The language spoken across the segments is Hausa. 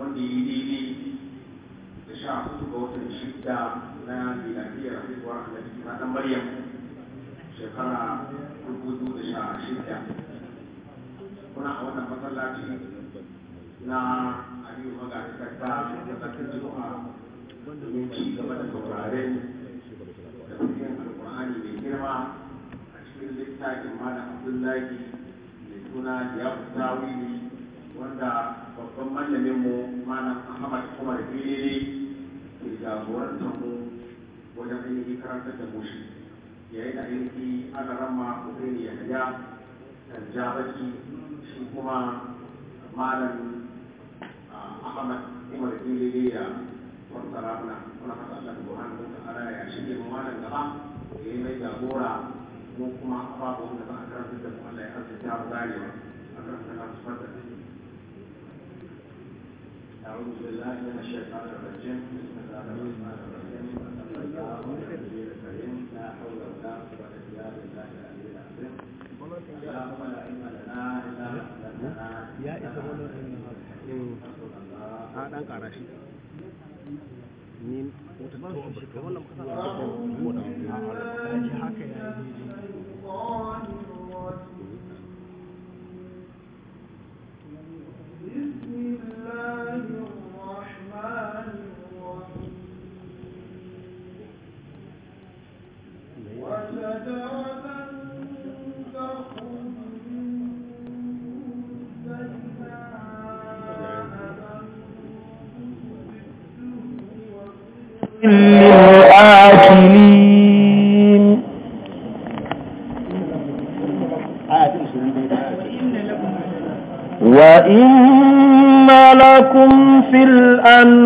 wanda yi daidai da sha hutu ga watan shidda na miladiyar haihuwar annabi na dan maryam shekara dubu da sha shidda kuna a wannan masallaci na aliyu ta da tsakar juma'a domin ci gaba da saurare da cikin alkur'ani mai girma a cikin littafin malam abdullahi mai suna ya fi wanda babban malamin mu mana Ahmad Umar Bilili ke jagorantar mu wajen ainihin karantar da mushi yayin da ainihin aka rama Usaini Yahya Jabaki shi kuma malam Ahmad Umar Bilili ya fassara mana muna ka Allah subhanahu ka ara ya shi mu malam gaba da ya mai jagora mu kuma ababen ko za a karanta da mu Allah ya arzuta mu ganewa a karanta na mu Allahumma inna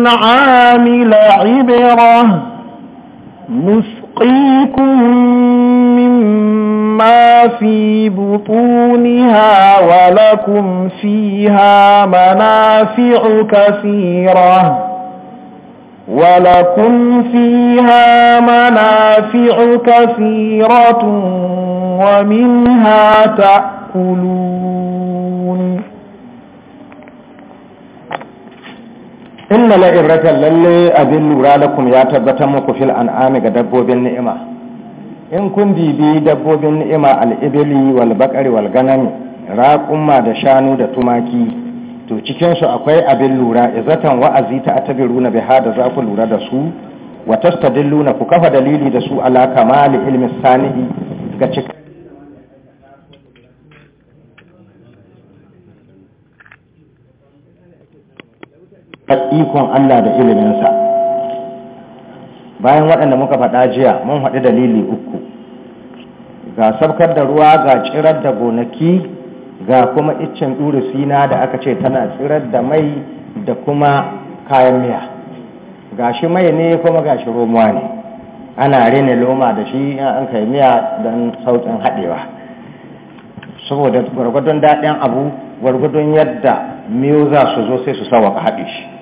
عامل عبرة نسقيكم مما في بطونها ولكم فيها منافع كثيرة ولكم فيها منافع كثيرة ومنها تأكلون inna la ibratan lalle abin lura da lakum ya tabbatar muku fil an'ami ga dabbobin ni'ima in kun bibi dabbobin ni'ima al'ibili wal bakari wal ganami raƙumma da shanu da tumaki to cikin su akwai abin lura izatan wa'azi ta atabiruna biha da za ku lura da su wa tastadilluna ku kafa dalili da su ala kamali ilmi sanihi ga cikin ikon Allah da iliminsa bayan waɗanda muka faɗa jiya mun haɗu dalili uku ga sabkar da ruwa ga tsirar da gonaki ga kuma iccen ɗuri sina da aka ce tana tsirar da mai da kuma kayan miya ga shi mai ne kuma ga shi romuwa ne ana rene loma da shi an kai miya don sauƙin haɗewa saboda gwargwadon daɗin abu gwargwadon yadda miyo za su zo sai su ka haɗe shi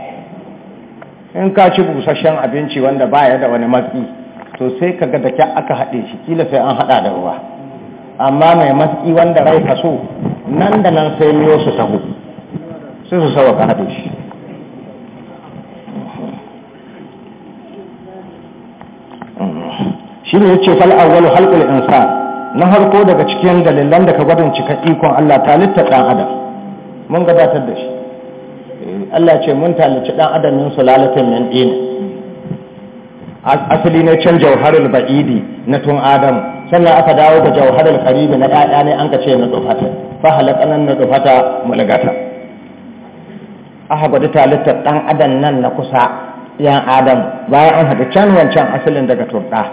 in ka ci busasshen abinci wanda ba ya da wani matsi to sai ka ga da kya aka haɗe shi kila sai an haɗa da ruwa amma mai matsi wanda rai ka so nan da nan sai miyo su taho sai su sawa ka haɗe shi shi ne yace ce fal'awwalu halƙul insan na harko daga cikin dalilan da ka gwadon cika ikon Allah ta litta ɗan adam mun gabatar da shi Allah ce mun talici dan adam min sulalatin min din asali ne can jawharul ba'idi na tun adam sannan aka dawo da jawharul qaribi na ɗaya ne an ka ce na dufata fa halaqanan na dufata mulgata aka gwada talitar dan adam nan na kusa yan adam bayan an haɗu can wancan asalin daga turɗa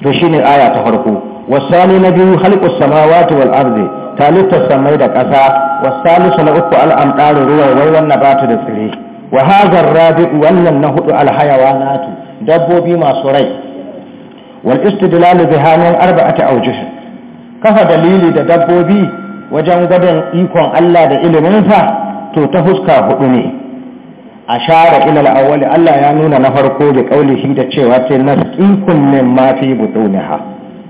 to shine aya ta farko wasani na biyu halqus samawati wal ardi halittar samai da ƙasa wasalisu na uku al'amɗarin ruwa wai wannan ba da tsire wa rabi'u wannan na hudu alhayawa natu dabbobi masu rai wal istidlalu bi arba'a ta aujih kafa dalili da dabbobi wajen gadon ikon Allah da fa to ta fuska hudu ne a share ilal awwali Allah ya nuna na farko da kaulihi da cewa ce nasqikum min ma fi butuniha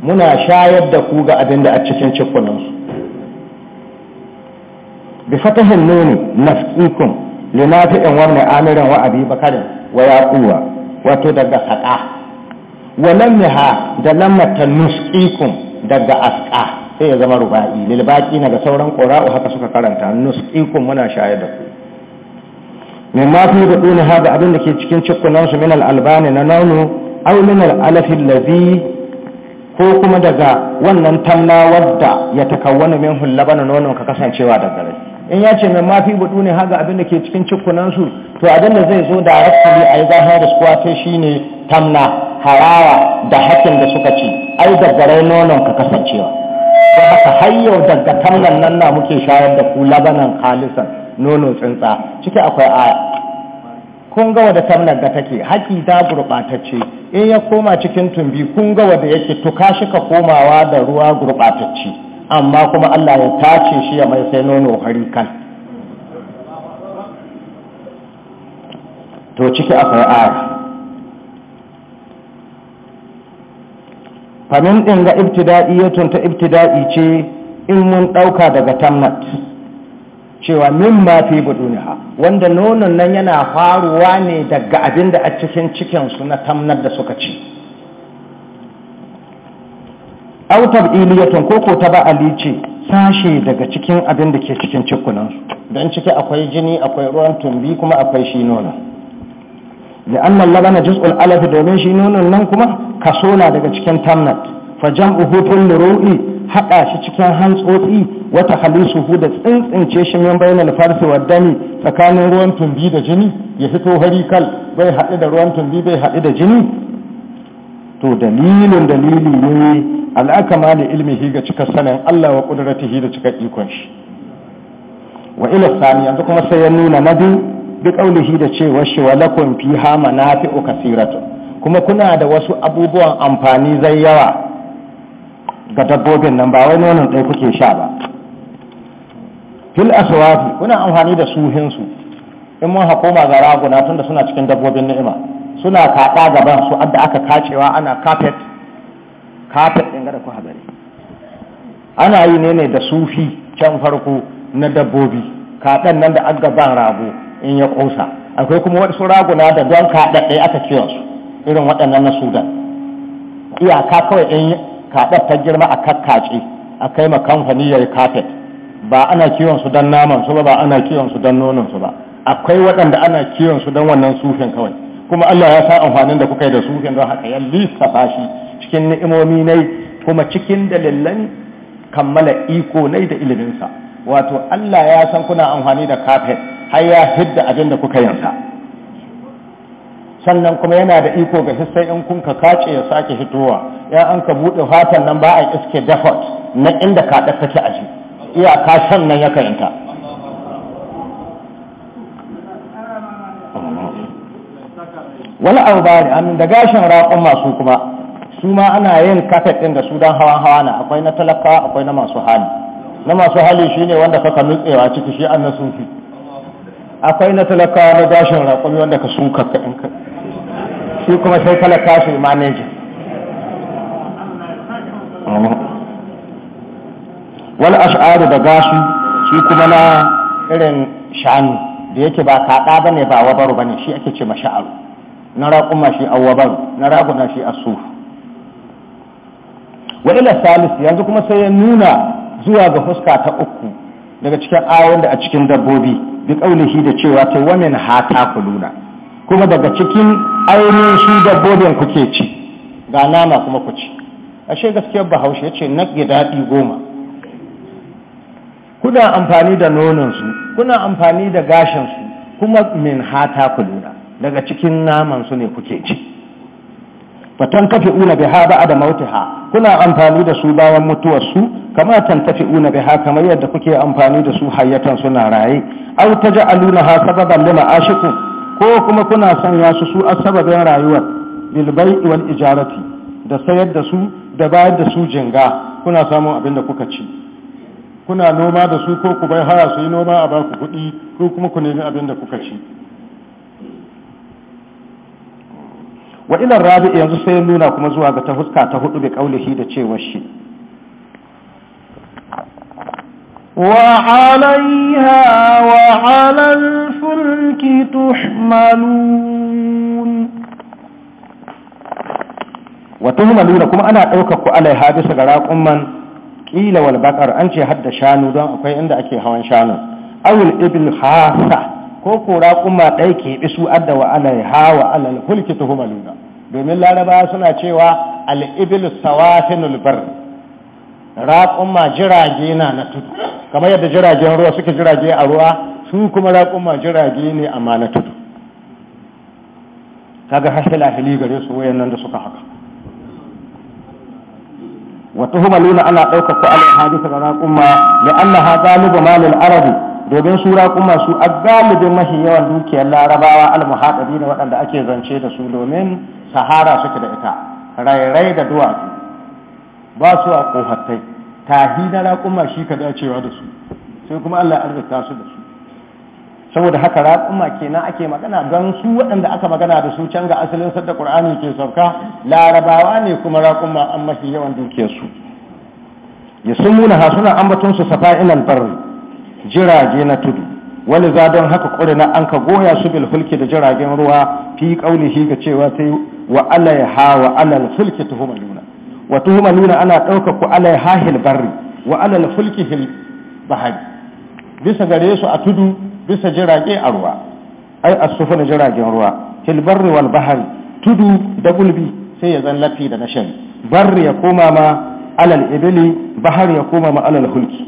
muna shayar da ku ga abin da a cikin cikunansu bi fatahin nuni nafsikum linafi'in wa min amirin wa abi bakarin wa yaquwa wato daga haqa wa lamha da lamata nusqikum daga asqa sai ya zama ruba'i lil baqi na ga sauran qura'u haka suka karanta nusqikum muna shayar da ku mimma fi budun hada abin da ke cikin cikin su min al albani na naunu aw min al alaf allazi ko kuma daga wannan tamna wadda ya takawwana min hullabana nonon ka kasancewa daga rai. in ya ce mai mafi budu ne haga abin da ke cikin cikunansu to abin da zai zo da rakkali a yi zahar suwa ta shi ne tamna harawa da hakin da suka ci ai dabbarai nonon ka kasancewa Ba haka har yau daga tamnan nan na muke shayar da ku labanan kalisan nono tsintsa ciki akwai aya kun ga wadda tamnan da take haƙi ta gurɓatacce in ya koma cikin tumbi kun ga wadda yake tuka shi ka komawa da ruwa gurɓatacce amma kuma Allah ya tace shi ya mai sai nono hari kan to ciki a fara'ar famin ɗin ga ibtida'i ya tunta ibtidaɗi ce in mun ɗauka daga tamnat cewa min ma fi wanda nonon nan yana faruwa ne daga abinda a cikin cikinsu na tamnat da suka ci aw tab'iliyatun ko ko ba'ali ce sashe daga cikin abin da ke cikin cikunan don ciki akwai jini akwai ruwan tumbi kuma akwai shi nono da annan labana juz'ul alafi domin shi nonon nan kuma kaso na daga cikin tamnat fa jam'u hutun luru'i haɗa shi cikin hantsotsi wata suhu da tsintsince shi min bayan farsi wa dami tsakanin ruwan tumbi da jini ya fito hari kal bai haɗu da ruwan tumbi bai haɗu da jini to dalilin dalili ne al'akama ne ilmihi ga cikar sanin Allah wa shi da cikar ikon shi wa ila sani yanzu kuma sai ya nuna na biyu bi da cewa shi wa lakon fi hama na fi kasiratu kuma kuna da wasu abubuwan amfani zai yawa ga dabbobin nan ba wai nonon ɗaya kuke sha ba fil aswafi kuna amfani da suhinsu in mun hakoma ga raguna tunda suna cikin dabbobin ni'ima suna kaɗa gaban su adda aka kacewa ana carpet carpet ɗin gada ku habari ana yi ne ne da sufi can farko na dabbobi kaɗan nan da adda ban rago in ya ƙosa akwai kuma wasu raguna da don kaɗa ɗaya aka kiyon su irin waɗannan na sudan iyaka kawai in kaɗa ta girma a kakkace a kai ma kamfani ya yi carpet ba ana kiwon su don naman su ba ba ana kiwon su don nonon su ba akwai waɗanda ana kiwon su don wannan sufin kawai kuma Allah ya sa amfanin da kuka yi da su don haka ya lissafa shi cikin ni'imomi ne, kuma cikin dalilan kammala iko ne da iliminsa wato Allah ya san kuna amfani da kafet har ya hidda abin da kuka yansa sannan kuma yana da iko ga hissai in kun ka kace ya sake hitowa ya an ka buɗe fatan nan ba a iske dafot na inda ka kaɗa ta aji iyaka shan nan ya karanta wani arbari amin da gashin raƙon masu kuma su ma ana yin kafet ɗin da su don hawan hawa na akwai na talaka akwai na masu hali na masu hali shi ne wanda kaka tsewa ciki shi an na sufi akwai na talaka na gashin raƙon wanda ka su ka ka shi kuma sai talaka su maneji wani ashari da gashi shi kuma na irin shanu da yake ba kaɗa ba ne ba wabaru ne, shi ake ce masha'aru na raƙuma shi awaban na raƙuna shi asuf wa ila salis yanzu kuma sai ya nuna zuwa ga fuska ta uku daga cikin ayoyin da a cikin dabbobi bi kaulihi da cewa ta wamin hata kuluna kuma daga cikin ainihin shi dabbobin kuke ci ga nama kuma ku ci ashe gaskiyar bahaushe ya ce na daɗi goma kuna amfani da nonon su kuna amfani da gashinsu kuma min hata kuluna daga cikin naman su ne kuke ci fatan tafi una bi ha ba'da mautiha kuna amfani da su bayan mutuwar su kama tan tafi una bi ha kamar yadda kuke amfani da su hayyatan suna raye aw taj'aluna ha sababan lima ashiku ko kuma kuna sanya su su asbabin rayuwar bil wal ijarati da sayar da su da bayar da su jinga kuna samun abin da kuka ci kuna noma da su ko ku bai haya su yi noma a baku kuɗi ko kuma ku nemi abin da kuka ci wa'ilar rabi yanzu sai ya nuna kuma zuwa ga ta huska ta hudu da cewa shi da cewar a wa'alaiha wa'alar fulki tuhmalun wata nuna kuma ana ɗaukar ku alaiha bisa ga raƙun man ƙila walbaƙar an ce hadda shanu don akwai inda ake hawan shanu awul ibil hasa ko ko raƙuma ɗaya bi su adda wa alal hawa alal hulki tuhumaluna domin laraba suna cewa al'ibil sawafinul bar raƙuma jirage na na tudu kamar yadda jiragen ruwa suke jirage a ruwa su kuma raƙuma jirage ne amma na tudu kaga hasila fili gare su wayannan da suka haka wa tuhumaluna ana ɗaukar ku alal hadisa raƙuma li annaha galibu malil arabi domin su kuma su a galibin mafi yawan dukiyar larabawa almuhaɗari ne waɗanda ake zance da su domin sahara suke da ita rairai da duwatsu ba su a ƙofattai tahi na raƙuma shi ka dacewa da su sai kuma allah arzikta su da su saboda haka raƙuma kenan ake magana don su waɗanda aka magana da su can ga asalin sadda ƙur'ani ke sauka larabawa ne kuma raƙuma an mafi yawan dukiyarsu ya sun muna hasunan ambatunsu safa'in barri jirage na tudu wani za don haka na an ka goya su bil fulki da jiragen ruwa fi shi ga cewa sai wa ha wa alal fulki tuhuma luna wa tuhuma luna ana ɗauka ku ha hil barri wa alal fulki hil bahari bisa gare su a tudu bisa jirage a ruwa ai a su na jiragen ruwa hil barri wal bahari tudu da gulbi sai ya zan lafi da na shari barri ya koma ma alal ibili bahari ya koma ma alal hulki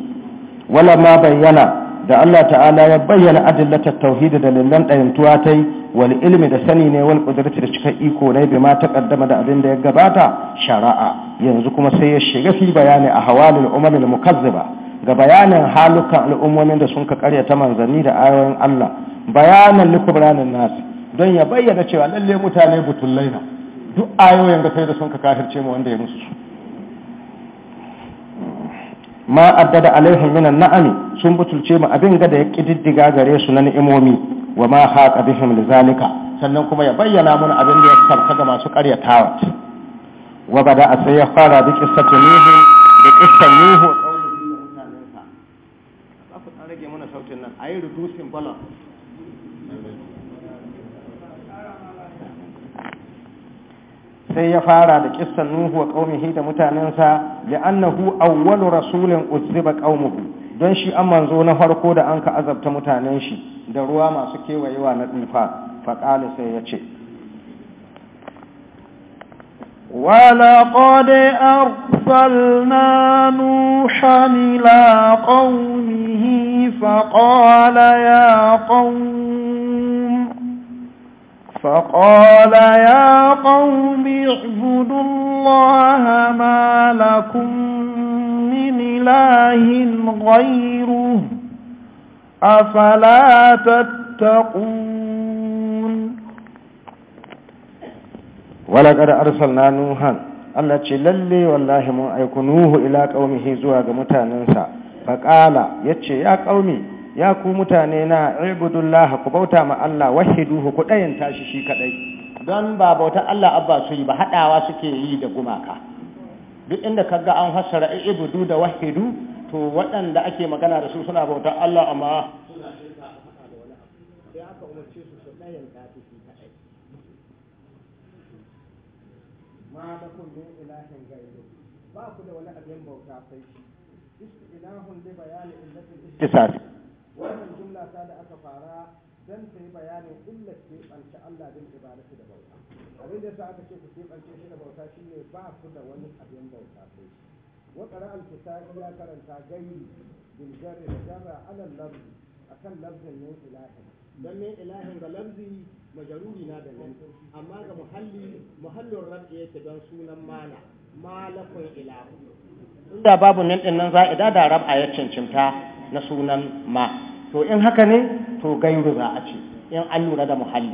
wala ma bayyana da Allah ta'ala ya bayyana adillatar tauhidi da lillan ɗayantuwa ta yi wal ilmi da sani ne wal ƙudurci da cikin iko ne bai ma taƙaddama da abin da ya gabata shara'a yanzu kuma sai ya shiga fi bayani a hawalin umarin mukazziba ga bayanin halukan al'ummomin da sun ka karyata manzanni da ayoyin Allah bayanan likubranin nasu don ya bayyana cewa lalle mutane butullai duk ayoyin da sai da sun ka kafirce mu wanda ya musu ma addada alaihim minan na'ami sun butulce mu abin ga da ya kididdiga gare su na ni'imomi wa ma haqa bihim lizalika sannan kuma ya bayyana mana abin da ya sarka ga masu karyatawa wa bada sai ya fara bi qissati nuhu bi qissati nuhu rage mana sautin nan ayi balance sai ya fara da kissan nuhu wa qaumihi da mutanensa annahu awwalu rasulin uzziba qaumuhu don shi an manzo na farko da an ka azabta mutanen shi da ruwa masu kewayewa na tsufa faƙali sai ya ce ولقد أرسلنا نوحا إلى قومه فقال ya قوم فقال يا قوم اعبدوا الله ما لكم من إله غيره أفلا تتقون ولقد أرسلنا نوحا الله للي والله ما يكونوه إلى قومه زواج متاننسا فقال يتشي يا قومي ya ku mutane na ibudullah ku bauta ma Allah wahidu ku dayan tashi shi kadai don ba bauta Allah abba su yi ba hadawa suke yi da gumaka duk inda kaga an hasara ibudu da wahidu to waɗanda ake magana da su suna bauta Allah amma ma lakum min ilahin ghayru ba ku da wani abin bauta sai shi istilahun li bayani illatil istisaf wannan jumla ta da aka fara dan ta yi bayanin illa keɓance Allah din ibadatu da bauta abin da sa aka ce ku keɓance shi da bauta shine ba ku da wani abin bauta sai wa qara al-kitabi ya karanta gairi bil jarri da jarra ala lafzi akan lafzin ne ilahi dan ne ilahin ga lafzi majaruri na da nan amma ga muhalli muhallin rabbi yake don sunan mala malakun ilahu inda babu nan din nan za'ida da rab'a ya cancanta na sunan ma to in haka ne to gairu za a ce in an lura da muhalli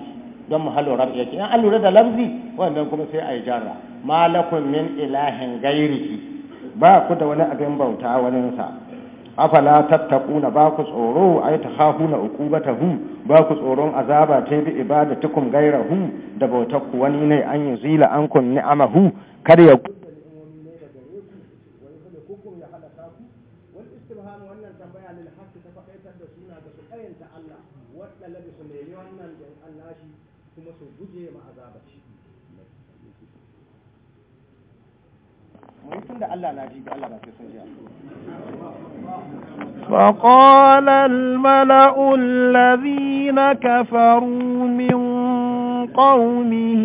don muhallin rabi yake in an lura da lamzi wannan kuma sai a yi jarra malakun min ilahin gairiki ba ku da wani abin bauta waninsa afala tattakuna ba ku tsoro ay na uku ba ku tsoron azaba ta bi ibadatukum gairahu da bautar ku wani ne an yi zila yuzila ankum ni'amahu kada ya فقال الملأ الذين كفروا من قومه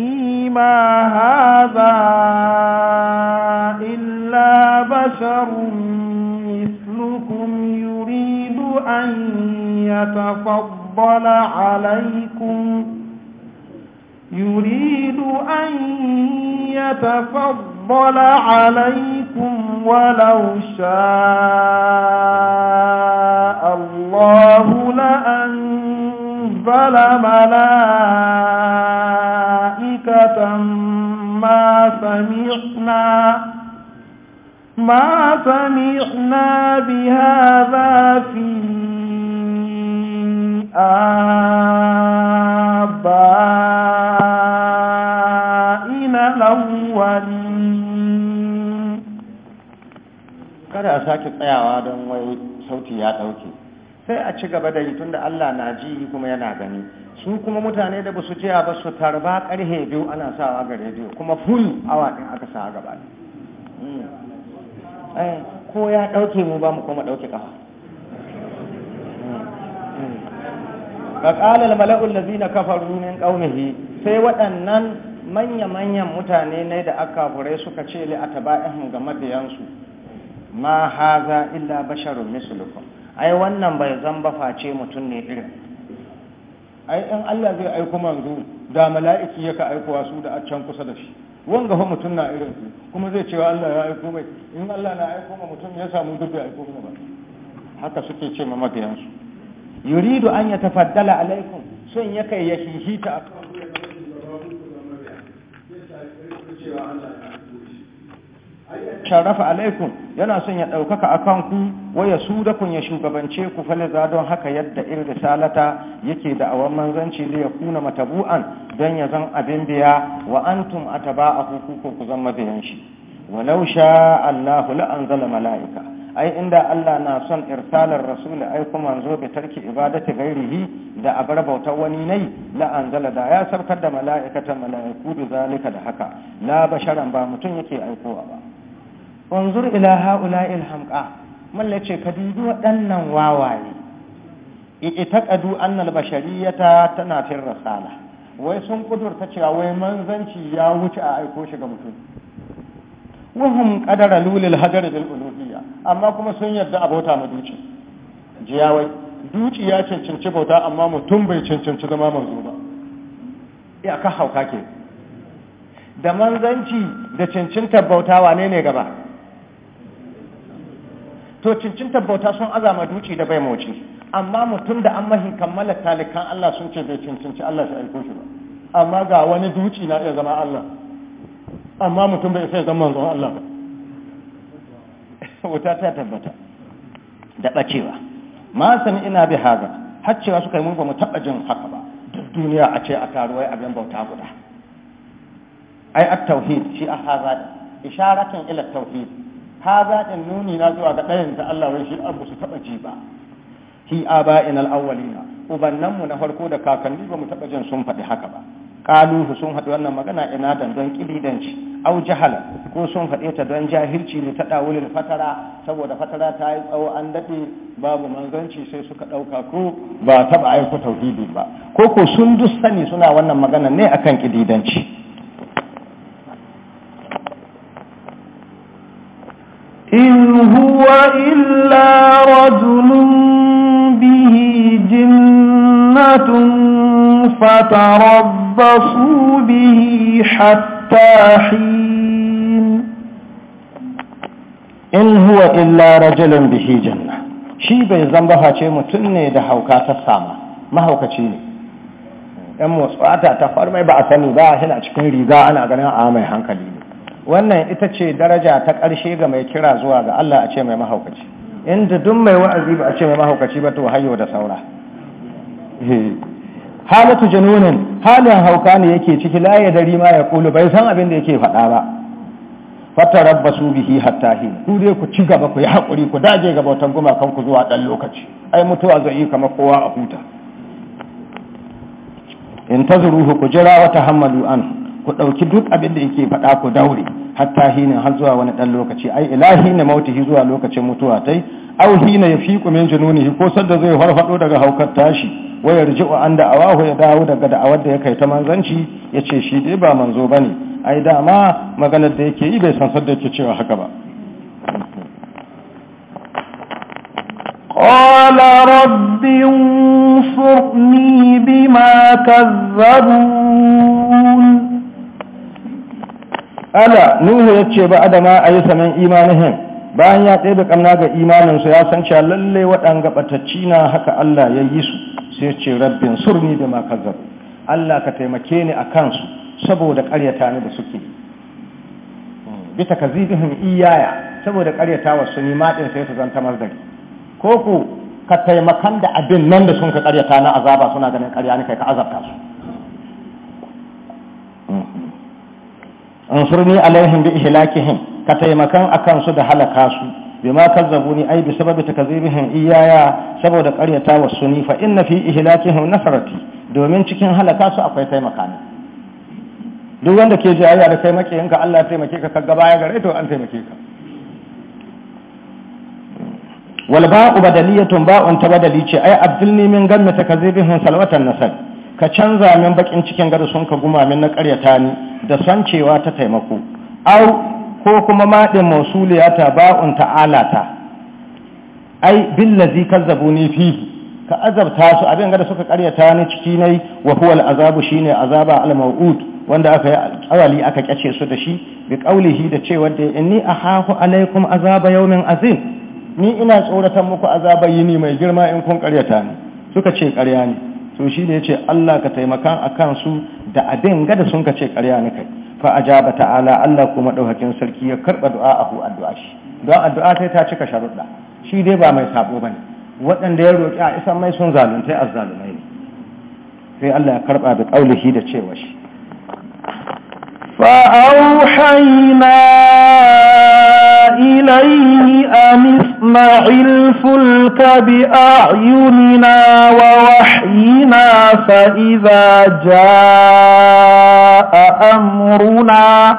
ما هذا إلا بشر مثلكم يريد أن يتفضل عليكم يريد أن يتفضل عليكم منكم ولو شاء الله لأنزل ملائكة ما سمعنا ما سمعنا بهذا في آبائنا الأولين kada a sake tsayawa don wai sauti ya ɗauke sai a ci gaba da yi tunda Allah na ji kuma yana gani su kuma mutane da ba su jiya ba su tarba ƙarhe biyu ana sawa ga rediyo kuma full awa ɗin aka sa gaba hmm. eh, ko ya ɗauke mu ba mu kuma ɗauke ƙafa hmm. hmm. faƙalar mala'ul lazi na kafaru min ƙaunihi sai waɗannan manya-manyan mutane ne da aka suka ce li a taba'ihim ga mabiyansu ma haza illa basharun mislukum ai wannan bai zan ba face mutum ne irin ai in Allah zai aiko manzo da mala'iki ka aikowa su da accan kusa da shi wanga fa mutum na irin su kuma zai cewa Allah ya aiko mai in Allah na aiko ma mutum ya samu duk bai aiko ba haka suke ce ma su yuridu an ya tafaddala alaikum sun ya kai ya shihita a kan cewa Allah sharafa alaikum yana son ya ɗaukaka a kanku waya su da kun ya shugabance ku faliza don haka yadda in risalata yake da awan manzanci da ya kuna matabu'an don ya zan abin biya wa antum a taba a hukuku ku zama biyan shi walau sha allahu la'anzala mala'ika ai inda Allah na son irsalar rasuli ai kuma zo bi tarki ibadati gairihi da abar bautar wani nai la anzala da ya sarkar da mala'ikatan mala'iku bi zalika da haka la basharan ba mutum yake aikowa ba wanzur ila haula ilhamqa malla ce ka dubi waɗannan wawaye i'taqadu kadu annal bashariyata tana fil rasala wai sun kudurta cewa wai manzanci ya wuce a aiko shi ga mutum wahum qadara lulil hadar bil uluhiyya amma kuma sun yarda abota ma duci wai duci ya cancanci bauta amma mutum bai cancanci zama manzo ba ya ka hauka ke da manzanci da cancanta bauta wane ne gaba to cincin tabbauta sun azama duci da bai moci amma mutum da an mahi kammala talikan Allah sun ce bai cincinci Allah shi aiko shi ba amma ga wani duci na iya zama Allah amma mutum bai sai zama manzon Allah ba wuta ta tabbata da bacewa ma san ina bi haza har cewa suka yi mun ba mu taba jin haka ba duk duniya a ce a taruwai abin bauta guda ai at-tauhid shi a haza isharatin ila tauhid za ɗin nuni na zuwa ga ɗayan ta Allah wai shi abu su taɓa ji ba hi aba'in al-awwalina ubannan mu na farko da kakanni ba mu taba jin sun faɗi haka ba Ƙaluhu sun haɗu wannan magana ina dan don ƙididanci. au jahala ko sun faɗe ta don jahilci ne ta ɗawulin fatara saboda fatara ta yi tsawo an daɗe babu manzanci sai suka ɗauka ko ba taɓa aiko tauhidi ba ko ko sun duk sani suna wannan magana ne akan ƙididanci? إن هو إلا رجل به جنة فتربصوا به حتى حين إن هو إلا رجل به جنة shi bai zamba face mutum ne da hauka ta sama mahaukaci ne ‘yan motsuwa ta farmai ba a sani ba yana cikin riga ana ganin a mai hankali ne wannan ita ce daraja ta ƙarshe ga mai kira zuwa ga Allah a ce mai mahaukaci inda duk mai wa'azi ba a ce mai mahaukaci ba to hayo da saura eh. halatu janunin halin hauka ne yake ciki la ya dari ma ya kulu bai san abin da yake faɗa ba fatarabbasu bihi hatta hi ku dai ku ci gaba ku yi hakuri ku dage ga bautan gumakan ku zuwa dan lokaci ai mutuwa zai yi kamar kowa a huta in ku jira wa tahammalu an ku ɗauki duk abin da yake faɗa ku daure hatta hinin har zuwa wani ɗan lokaci ai ila hina mautihi zuwa lokacin mutuwa tai au hina ya fi kumin jununihi ko sadda zai farfaɗo daga haukar tashi ya yarji'u an da awahu ya dawo daga da'awar da ya kai ta manzanci ya ce shi dai ba manzo ba ne ai dama maganar da yake yi bai san sadda yake cewa haka ba قال رب انصرني بما كذبون ala nuhu ya ce ba adama a yi saman imanihim bayan ya tsaye da kamna ga imaninsu ya san cewa lalle waɗanga ɓatacci na haka Allah ya yi su sai ce rabbin surni da makazar Allah ka taimake ni a kansu saboda ƙaryata ni da suke bita ka zibihin iyaya saboda ƙaryata wasu ni maɗin sai su zanta mazdari ko ku ka taimakan da abin nan da sun ka ƙaryata na azaba suna ganin ƙarya ni kai ka azabta su ansurni alaihim bi ihlakihim ka taimakan akan su da halaka su bima kazzabuni ai bi sababi takzibihim iyaya saboda qaryata wa suni fa inna fi ihlakihim nasrati domin cikin halaka su akwai taimaka ne duk wanda ke ji ayya da kai ka Allah taimake ka kaga baya gare to an taimake ka wal ba'u badaliyatun ba'un tabadali ce ai abdulni min gamma takzibihim salwatan nasab ka canza min bakin cikin gada sun ka guma min na ƙaryata ni da san cewa ta taimako au ko kuma maɗin mausuliya ta ba'un ta'ala ta ai billazi kazzabu ni fihi ka azabta su abin gada suka ƙaryata ni ciki nai wa huwal azabu shine azaba al maw'ud wanda aka yi alƙawali aka kyace su da shi bi qaulihi da cewa da inni ahahu alaikum azaba yawmin azim ni ina tsoratan muku azaba yini mai girma in kun ƙaryata ni suka ce karya ne to shi ne ya ce Allah ka taimaka a kansu da abin gada sun ka ce ƙarya ni kai fa ajaba ta'ala Allah kuma ɗaukakin sarki ya karɓa ko addu'a shi don addu'a sai ta cika sharuɗa shi dai ba mai sabo ba ne waɗanda ya roƙi a isan mai sun zaluntai azzalumai ne sai Allah ya karɓa da ƙaulihi da cewa shi فأوحينا إليه أن اصنع الفلك بأعيننا ووحينا فإذا جاء أمرنا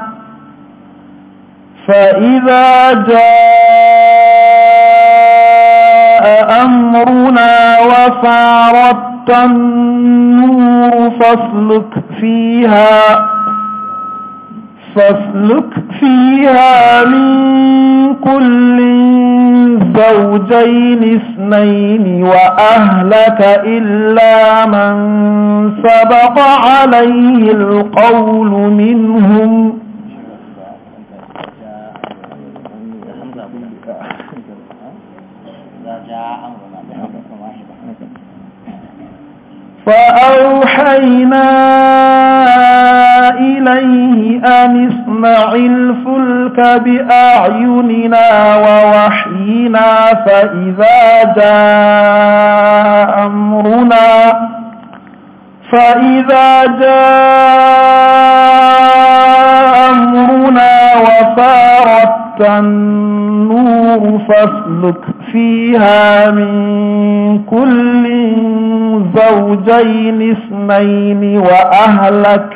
فإذا جاء أمرنا وفارت النور فاسلك فيها فاسلك فيها من كل زوجين اثنين وأهلك إلا من سبق عليه القول منهم فأوحينا إليه أن اصنع الفلك بأعيننا ووحينا فإذا جاء أمرنا فإذا جاء أمرنا وفارت النور فاسلك فيها من كل زوجين اثنين وأهلك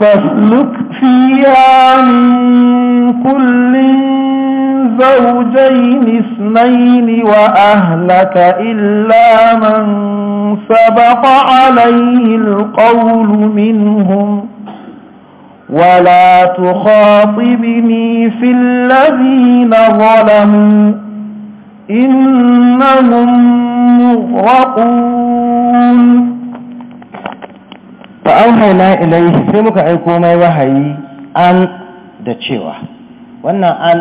فاسلك فيها من كل زوجين اثنين وأهلك إلا من سبق عليه القول منهم ولا تخاطبني في الذين ظلموا إنهم مغرقون فأوحينا إليه سيمك عيكوما وهي أن دتشيوة وأن أن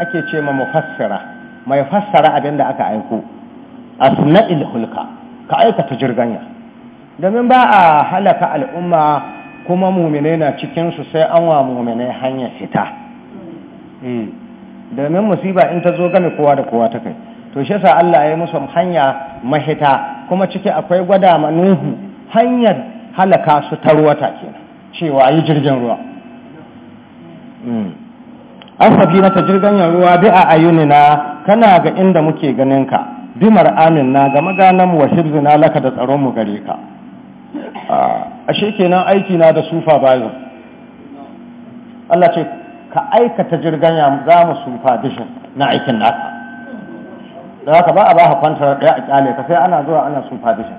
أكي تشيما مفسرة ما يفسر أبين دعك عيكو أثناء الخلقة كأيك تجرغنيا domin ba a halaka al'umma kuma mumine na cikinsu sai an wa mumine hanyar fita domin musiba in ta zo game kowa da kowa ta kai to shi yasa Allah ya yi musu hanya mahita kuma ciki akwai gwada manuhu hanyar halaka su ta ruwa cewa yi jirgin ruwa hmm. an na ta jirgin ruwa bi a ayunina kana ga inda muke ganin ka bi mar'anin na ga maganan wa na laka da tsaron mu gare ka ah, ashe kenan aiki na da sufa bayan Allah ce ka aikata ya za mu dishin na aikin naka da haka ba a ba ka kwantar ɗaya a kyale ka sai ana zuwa ana dishin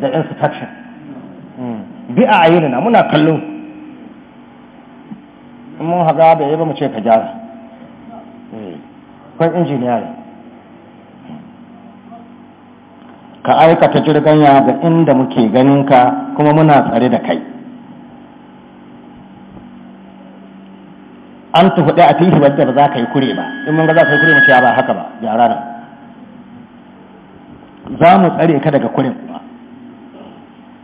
da instruction hmm. bi a ayyuna muna kallo in mun haga da yi ba mu ce ka gyara eh, kwan injiniya ne ka aikata ya ga inda muke ganin ka kuma muna tsare da kai an tuhu a tinshi wadda ba za ka yi kure ba in mun ga za ka yi kure mu ba haka ba gyara nan za mu tsare ka daga kurin kuma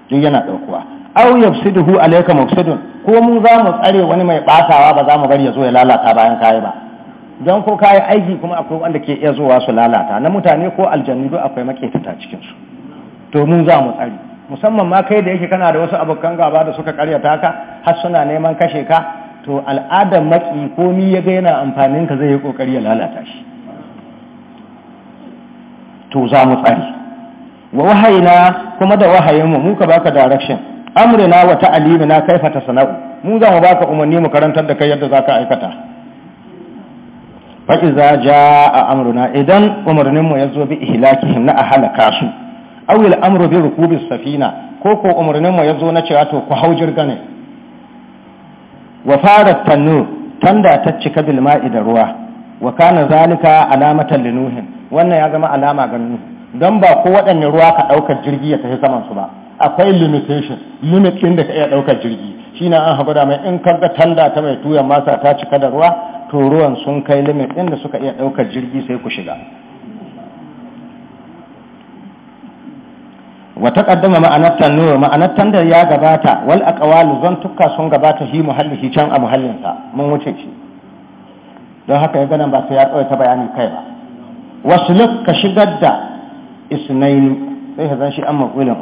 duk yana ɗaukuwa au yafsiduhu alayka mufsidun ko mun za mu tsare wani mai batawa ba za mu bari ya zo ya lalata bayan kayi ba don ko kayi aiki kuma akwai wanda ke iya zuwa su lalata na mutane ko aljannu duk akwai maƙetata cikin su to mun za mu tsare musamman ma kai da yake kana da wasu abokan gaba da suka karyata ka har suna neman kashe ka to al'adar maki komi ya ga yana amfanin ka zai yi kokari ya lalata shi to za mu tsari wa wahayina kuma da wahayinmu mu ka baka direction amrina wa ta'alimina kaifa sana'u. mu za mu baka umarni mu karantar da kai yadda zaka aikata fa iza jaa amruna idan umarnin mu yazo bi ihlakihim na ahlaka su aw al amru bi rukubi safina ko ko umarnin mu yazo na cewa to ku hau jirgane wa fara tannu tanda ta cika bil da ruwa wa kana zalika alamatan linuhin wannan ya zama alama ga nuhu don ba ko waɗanne ruwa ka ɗaukar jirgi ya tafi saman su ba akwai limitation limit ɗin da ka iya ɗaukar jirgi shi na an haɓu da mai in kaga tanda ta mai tuyan masa ta cika da ruwa to ruwan sun kai limit ɗin da suka iya ɗaukar jirgi sai ku shiga wa taqaddama ma'anar tanur ma'anar tandar ya gabata wal aqwalu zan tukka sun gabata shi muhalli shi can a muhallinsa mun wuce shi don haka ya gana ba sai ya ta bayani kai ba wasuluk ka shigar da isnaini sai ka zan shi an maƙulin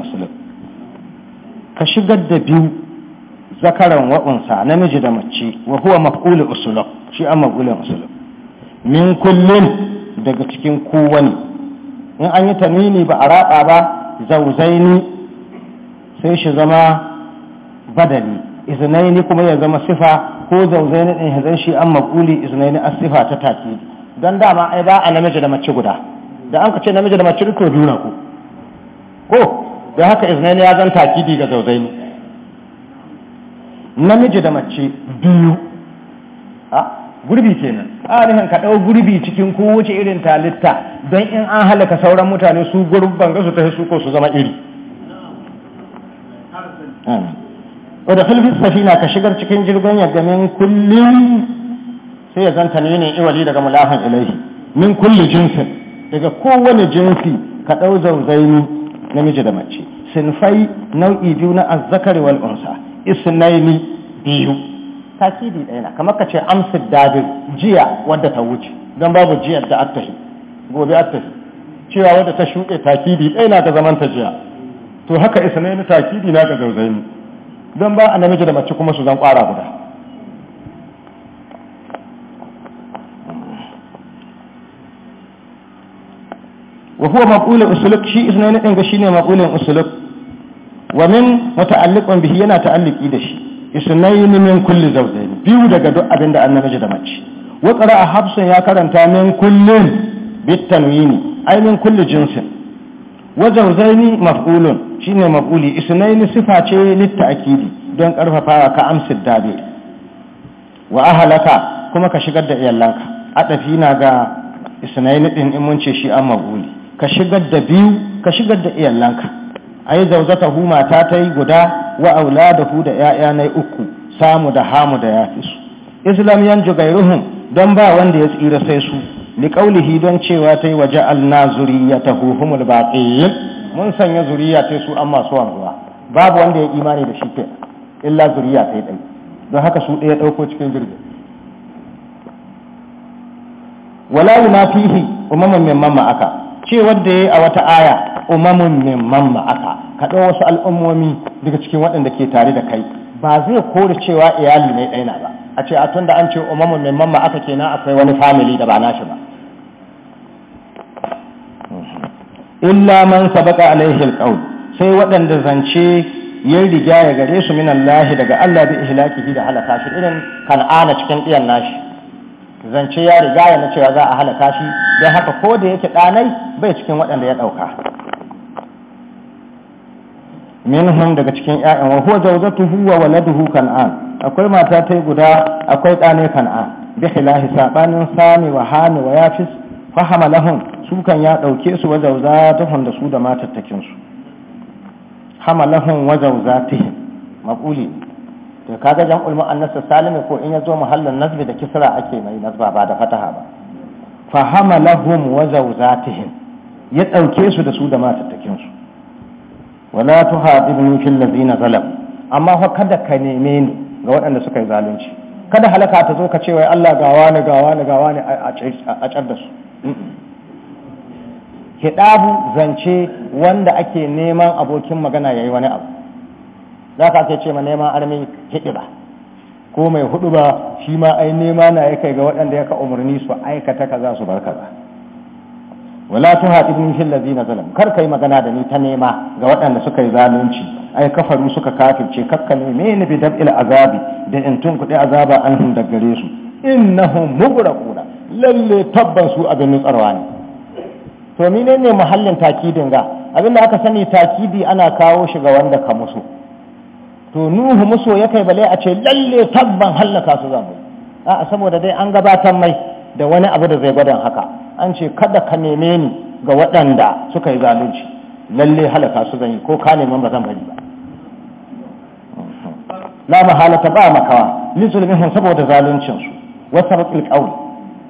ka shigar da biyu zakaran wa'unsa namiji da mace wa huwa maƙulin usuluk shi an maƙulin usuluk min kullum daga cikin kowani in an yi tanini ba a raɓa ba zauzaini sai shi zama badali izinaini kuma ya zama sifa ko zauzaini ɗin hazan shi an makuli izinaini a sifa ta taki don dama ai ba a namiji da mace guda da an ka ce namiji da mace rikon juna ku ko da haka izinaini ya zan takidi ga zauzaini namiji da mace biyu ah, gurbi kenan a nufin ka ɗau gurbi cikin kowace irin talitta don in an halaka sauran mutane su gurban gasu su ta su ko su zama iri wadda safi na ka shigar cikin jirgin yadda min kullum sai ya zanta ne iwali daga mulahan ilahi min kulli jinsin daga kowane jinsi ka ɗau zauzaini namiji da mace sinfai nau'i biyu na azzakari wal unsa isnaini biyu tasiri ɗaya na kamar ka ce amsir dabir jiya wadda ta wuce don babu jiyar da attahi gobe attahi cewa wadda ta shuɗe takidi ɗaya na ga zamanta jiya to haka isa ne takidi na ga zauzayi don ba a namiji da mace kuma su zan ƙwara guda wa huwa maqulul usuluk shi na ɗin ga ne maqulul usuluk wa min muta'alliqun bihi yana ta'alliqi da shi isnaini min kulli zawjayn biyu daga duk abin da annabi da mace wa qara hafsun ya karanta min kullin bitanwini ay min kulli jinsin wa zawjayni maf'ulun shine maf'uli isnaini sifa ce litta'kidi don karfafawa ka amsid dabi wa ahlaka kuma ka shigar da iyallanka. adafi na ga isnaini din in mun ce shi an maf'uli ka shigar da biyu ka shigar da iyallanka. ai hu mata ta yi guda wa auladahu da ‘ya'ya na uku samu da hamu da ya fi su islam yan don ba wanda ya tsira sai su kaulihi don cewa ta yi waje alna zuriya ta huhumul baƙi mun sanya zuriya ta su an masu wanzuwa babu wanda ya imani da shi ke illa zuriya ta yi don haka su ɗaya ɗauko cikin jirgin wala ma fihi umaman mamma aka. ce wanda ya yi a wata aya umamun mimman ma'aka ka ɗau wasu al'ummomi daga cikin waɗanda ke tare da kai ba zai kore cewa iyali ne ɗaina ba a ce a tun da an ce umamun mamma ma'aka kenan akwai wani famili da ba nashi ba illa man sabaka alaihi alqaul sai waɗanda zance ya riga ya gare su min Allah daga Allah bi ihlakihi da halaka shi irin kan'ana cikin ɗiyan nashi zance ya riga ya na cewa za a halaka shi don haka ko da yake ɗanai bai cikin waɗanda ya ɗauka minhum daga cikin ƴaƴan wa huwa zawjatu wa waladuhu kan'an akwai mata ta guda akwai ɗanai kan'an bi khilahi sabanin sami wa hani wa yafis fa hamalahum su kan ya ɗauke su wa zawjatuhum da su da matattakin su hamalahum wa maquli to kaga jan ulmu annas salimi ko in ya zo mahallin nasbi da kisra ake mai nasba ba da fataha ba fa hamalahum wa zawzatihim ya dauke su da su da matattakin su wala tuhadibni fil ladina zalam amma fa kada ka neme ni ga waɗanda suka yi zalunci kada halaka ta zo ka ce wai Allah gawa ne gawa ne gawa ne a car da su hidabu zance wanda ake neman abokin magana yayi wani abu za ka ce ma neman armi hiɗi ba ko mai hudu ba shi ma ai nema na ya kai ga waɗanda ya ka umarni su aikata kaza su bar kaza wala tu hatifin fil ladina zalam kar kai magana da ni ta nema ga waɗanda suka yi zalunci ai kafaru suka kafirce kakka neme ni bi dab'il azabi da in tun kuɗi azaba anhum da gare su innahum mughraquna lalle tabban su abin nutsarwa ne to menene muhallin takidin ga abinda aka sani takidi ana kawo shi ga wanda ka musu to nuhu muso ya kai bale a ce lalle tabban hallaka su zamu a saboda dai an gabatar mai da wani abu da zai gwada haka an ce kada ka neme ni ga waɗanda suka yi zalunci lalle halaka su zan yi ko ka neman ba zan bari ba la mahalata ba makawa li zulmihim saboda zaluncin su wa sabqil qawl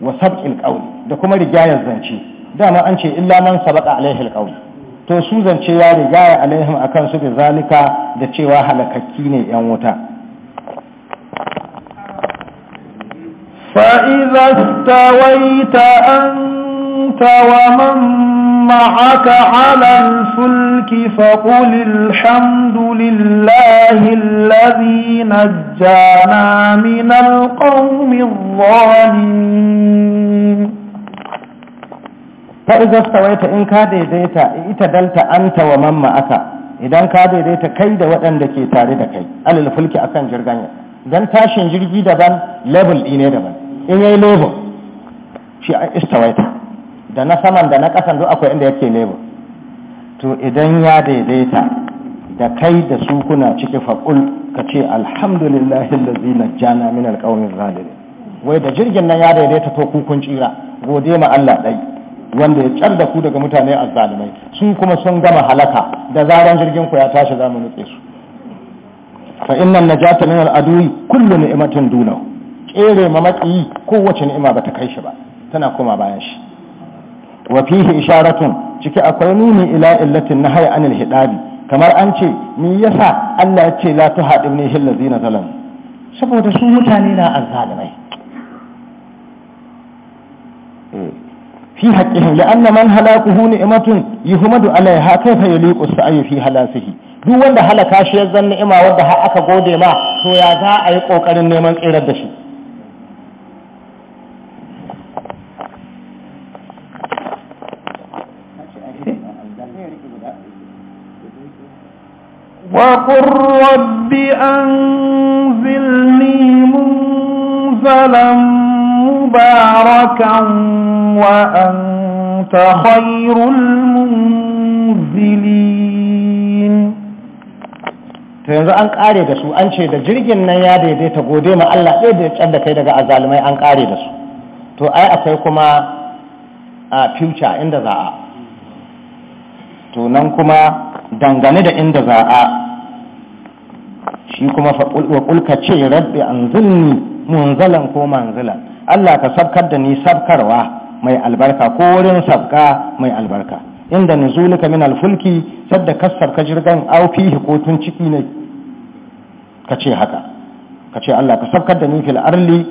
wa sabqil qawl da kuma rigayar zance dama an ce illa man sabaqa alaihi alqawl to su zance ya riga ya alaihim a su da zalika da cewa halakakki ne yan wuta fa’iza tawaita an tawa man ma’aka halar sulki faƙulil hamdulillahin lari na jana minar ƙaunin wani fa idza in ka daidaita ita dalta anta wa mamma aka idan ka daidaita kai da waɗanda ke tare da kai alal fulki akan ya dan tashin jirgi daban level ɗine daban in yayi level shi istawaita da na saman da na ƙasan duk akwai inda yake level to idan ya daidaita da kai da su kuna ciki faƙul ka ce alhamdulillahi allazi najjana min alqawmi zalimin wai da jirgin nan ya daidaita to kun tsira gode ma Allah dai wanda ya canza da ku daga mutane a zalimai su kuma sun gama halaka da zaran jirgin ku ya tashi za mu nutse su fa innan najata min al-adwi kullu ni'matin duna kere ma matsayi kowace ni'ima ba ta kai shi ba tana koma bayan shi wa fihi isharatun ciki akwai nuni ila illatin haya anil hidabi kamar an ce me yasa Allah ya ce la tuhadibni hillazina zalam saboda su mutane na azzalimai fi haƙƙihin la'anna man halakuhu ni'matun yuhmadu alaiha kaifa yaliqu sa'yu fi halasihi duk wanda halaka shi ya zanna ima wanda har aka gode ma to ya za a yi kokarin neman tsirar da shi وقل رب أنزلني منزلا مباركا وأنت خير المنزلين to yanzu an kare da su an ce da jirgin nan ya daidaita gode ma Allah ɗaya da ya da kai daga azalumai an kare da su to ai akwai kuma a future inda za a to nan kuma dangane da inda za a shi kuma faƙulƙa ce rabbi an zulni munzalan ko manzilan Allah ka sabkar da ni sabkarwa mai albarka ko wurin sabka mai albarka inda nuzulika min alfulki sadda kasar ka jirgan au fihi ko tun ciki ne kace haka kace Allah ka sabkar da ni fil arli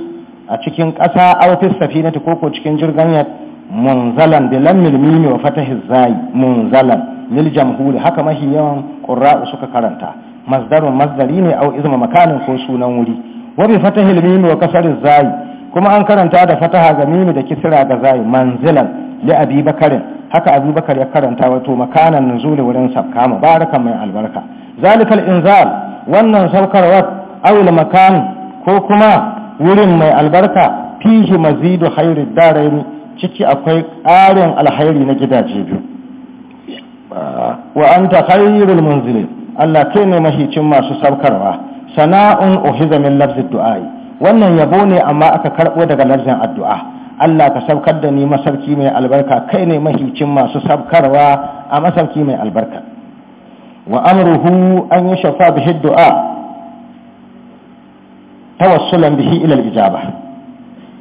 a cikin ƙasa au fi safinati ko cikin jirgan ya munzalan bi lammil mimi wa fatahi zai munzalan lil jamhur haka mahi yawan qurra'u suka karanta masdarun masdari ne au izma makanin ko sunan wuri wa bi fatahi mimi wa kasar zai kuma an karanta da fataha ga mimi da kisra ga zai manzilan li abi bakarin haka abu bakar ya karanta wato makanan nuzuli wurin sabka mubaraka mai albarka zalikal inzal wannan saukarwar awil makan ko kuma wurin mai albarka fihi mazidu khairi darain ciki akwai ƙarin alhairi na gidaje biyu wa anta khairul munzilin Allah kai ne mahicin masu saukarwa sana'un uhiza min lafzi du'ai wannan yabo ne amma aka karɓo daga lardin addu'a Allah ka saukar da ni masarki mai albarka kai ne mahicin masu saukarwa a masarki mai albarka wa amruhu an yi shafa bihi du'a tawassulan bihi ila al-ijaba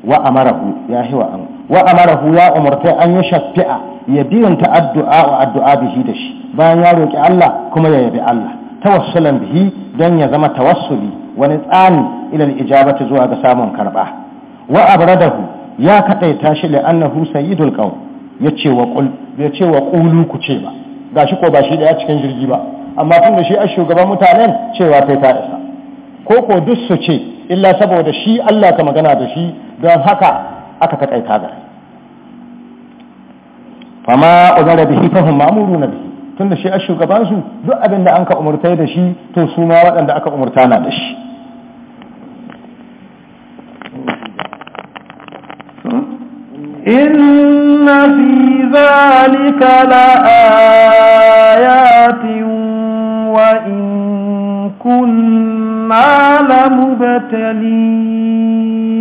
wa amarahu ya hiwa an wa amarahu ya umurta an yi shafi'a ya biyanta addu'a wa addu'a bihi da shi bayan ya roki Allah kuma ya yabi Allah tawassulan bihi don ya zama tawassuli wani tsani ilal ijabati zuwa ga samun karba wa abradahu ya kadaita shi li annahu sayyidul qaum yace wa qul yace wa qulu ku ce ba gashi ko ba shi da cikin jirgi ba amma tun da shi a shugaban mutanen cewa kai ta isa ko ko duk su ce illa saboda shi Allah ka magana da shi don haka aka kadaita ga fama uzara bihi fahum ma'muruna bihi tunda shi a shugaban su duk abin da an ka umurtai da shi to su ma waɗanda aka umarta na da shi fi zalika la ذلك wa in kunna lamubtalin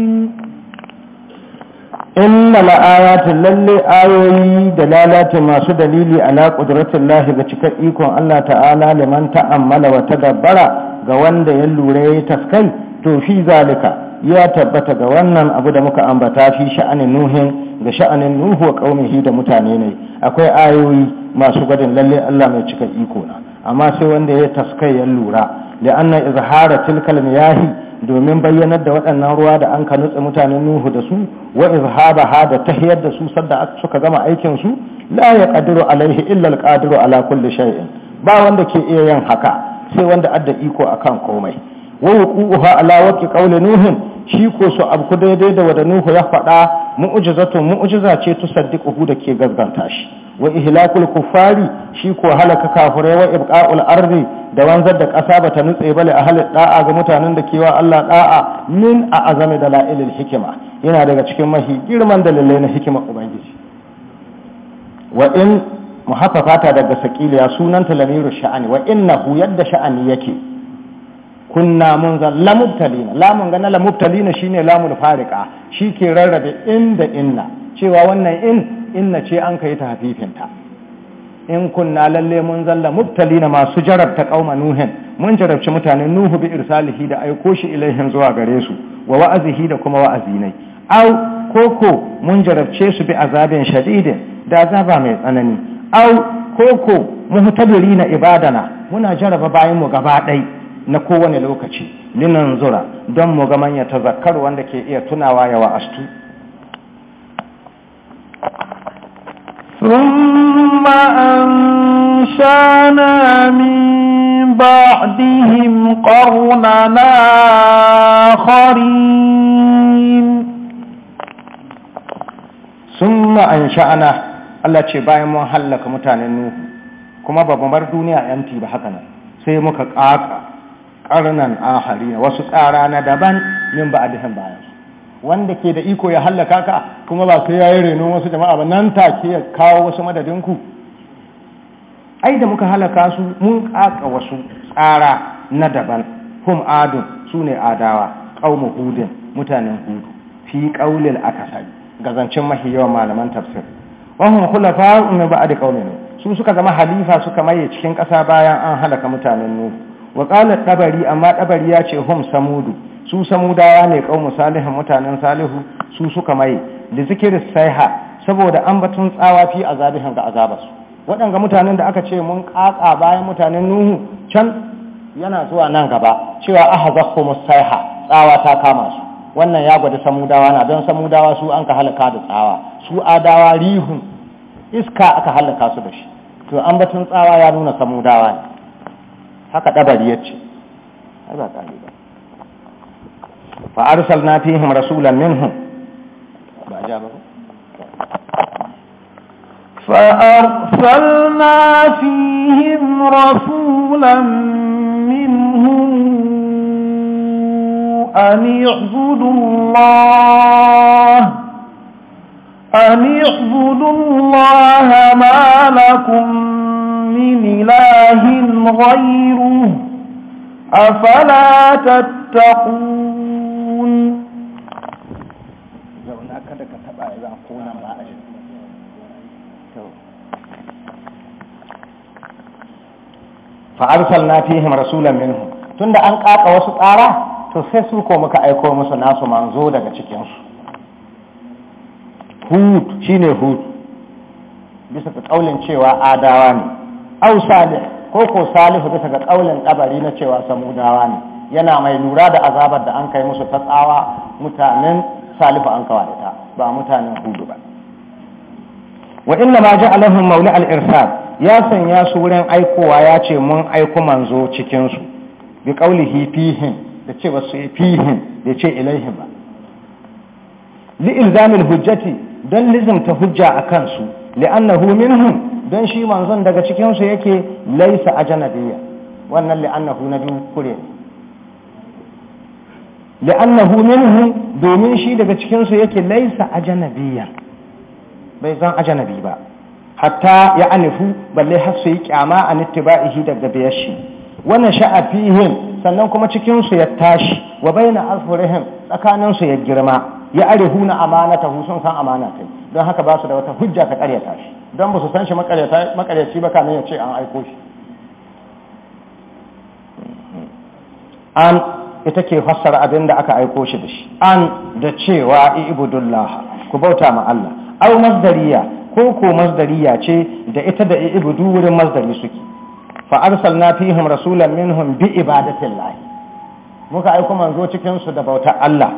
inna la'ayatin lalle ayoyi da lalata masu dalili ala qudratin lahi ga cikar ikon Allah ta'ala liman ta'ammala wa tadabbara ga wanda ya lura ya taskai to fi zalika ya tabbata ga wannan abu da muka ambata fi sha'anin nuhin ga sha'anin nuhu wa qaumihi da mutane ne akwai ayoyi masu gadin lalle Allah mai cikar iko na amma sai wanda ya taskai ya lura li'anna izhara tilkal miyahi domin bayyanar da waɗannan ruwa da an ka nutse mutanen nuhu da su wa izhaba hada da tahiyar da su sadda suka gama aikin su la ya qadiru alaihi illa alqadiru ala kulli shay'in ba wanda ke iya yin haka sai wanda adda iko akan komai wa yuquha ala waqi qawli nuhin shi ko su abku daidai da wanda nuhu ya faɗa mu'jizatu mu'jiza ce tusaddiquhu da ke gaskanta shi wa ihlakul kufari shi ko halaka kafirai wa ibqa'ul ardi da wanzar da ƙasa bata nutse bale a halin da'a ga mutanen da kewa Allah da'a min a azami da la'ilil hikima yana daga cikin mahi girman dalilai na hikima ubangiji wa in muhaffafata daga sakiliya sunan talamiru sha'ani wa hu yadda sha'ani yake kunna mun zan lamubtalina lamun ga na lamubtalina shine lamun fariqa shi ke rarrabe inda inna cewa wannan in inna ce an ka yi ta hafifinta in kunna lalle mun zalla mubtali na masu jarabta qauma nuhin mun jarabci mutanen nuhu bi irsalihi da aiko shi ilaihin zuwa gare su wa wa'azihi da kuma wa'azinai au koko mun jarabce su bi azabin shadidin da azaba mai tsanani au koko na ibadana muna jaraba bayan mu gaba ɗai na kowane lokaci linan zura don mu ga manya ta zakkar wanda ke iya tunawa ya wa'astu ثم أنشانا من بعدهم قرننا آخرين ثم أنشانا Allah ce bayan mun hallaka mutanen Nuhu kuma ba bar duniya yanti ba haka nan sai muka ƙaƙa ƙarnan ahari wasu ƙara na daban min ba bayan wanda ke da iko ya hallaka ka kuma ba sai yayi reno wasu jama'a ba nan take ya kawo wasu madadin ku ai da muka halaka su mun kaka wasu tsara na daban hum adun sune adawa qaumu hudin mutanen hudu fi qaulil akasari gazancin mahi yawan malaman tafsir wahum khulafa min ba'd qaumin su suka zama halifa suka maye cikin ƙasa bayan an halaka mutanen nuhu wa qala tabari amma tabari ya ce hum samudu su samudawa ne kawo Salihu, mutanen salihu su suka mai da zikirin saiha saboda ambatun tsawa fi zabihin ga azabarsu waɗanga mutanen da aka ce mun ƙaƙa bayan mutanen nuhu can yana zuwa nan gaba cewa aha zakko saiha tsawa ta kama su wannan ya gwada samudawa na don samudawa su an ka halaka da tsawa su adawa rihun iska aka halaka su da shi to ambatun tsawa ya nuna samudawa ne haka ɗabari ya ce ba فأرسلنا فيهم رسولا منهم فأرسلنا فيهم رسولا منهم أن اعبدوا الله أن اعبدوا الله ما لكم من إله غيره أفلا تتقون يعملون zauna kada ka taba ya za nan ba a yi fa'arsal na fihim rasulan minhu tunda an ƙaƙa wasu tsara to sai su ko muka aiko musu nasu manzo daga cikinsu hud shi ne hud bisa ga ƙaulin cewa adawa ne au salih ko ko salihu bisa ga ƙaulin ɗabari na cewa samudawa ne yana mai lura da azabar da an kai musu ta tsawa mutanen salifu an kawa ta ba mutanen hudu ba wa inna ma ja'alahum mawli al-irsal ya sanya su wurin aikowa ya ce mun aiko manzo cikinsu. su bi qaulihi fihin, da ce ba su fihin, da ce ilaihim ba li ilzamil hujjati dan ta hujja akan su li'annahu minhum don shi manzon daga cikinsu yake laisa a ajnabiyya wannan li'annahu nabi kure li'annahu minhu domin shi daga cikin yake laisa ajnabiyyan bai zan ajnabi ba hatta ya anifu balle har su yi kyama an ittiba'ihi daga biyar shi wannan sha'a fihim sannan kuma cikin su ya tashi wa baina azhurihim tsakanin su ya girma ya arihuna amanatahu sun san amanata don haka ba su da wata hujja ta karyata shi don ba su san shi makaryaci ba kamin ya ce an aiko shi an ita ke fassara abin da aka aiko shi da shi an da cewa ibudullah ku bauta ma Allah aw masdariya ko ko masdariya ce da ita da ibudu wurin masdari suke fa arsalna fihim rasulan minhum bi ibadatillah muka aiko manzo cikin su da bauta Allah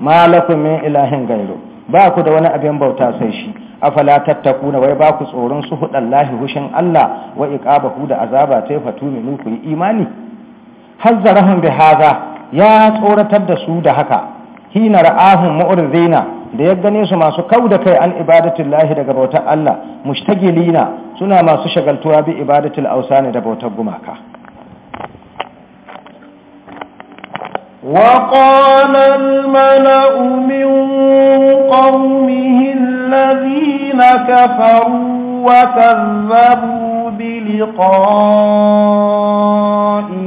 malakum min ilahin gairu ba ku da wani abin bauta sai shi afala tattakuna wai ba ku tsoron su hudallahi hushin Allah wa iqabahu da azaba ta fatu min ku imani hazzarahum bi hadha ya tsoratar da su da haka hina ra'ahu mu'rizina da ya gane su masu kau da kai an ibadatul lahi daga bautar Allah mushtagilina suna masu shagaltuwa bi ibadatul ausani da bautar gumaka mala'u min qawmihi alladhina kafaru wa kadhabu bi liqa'i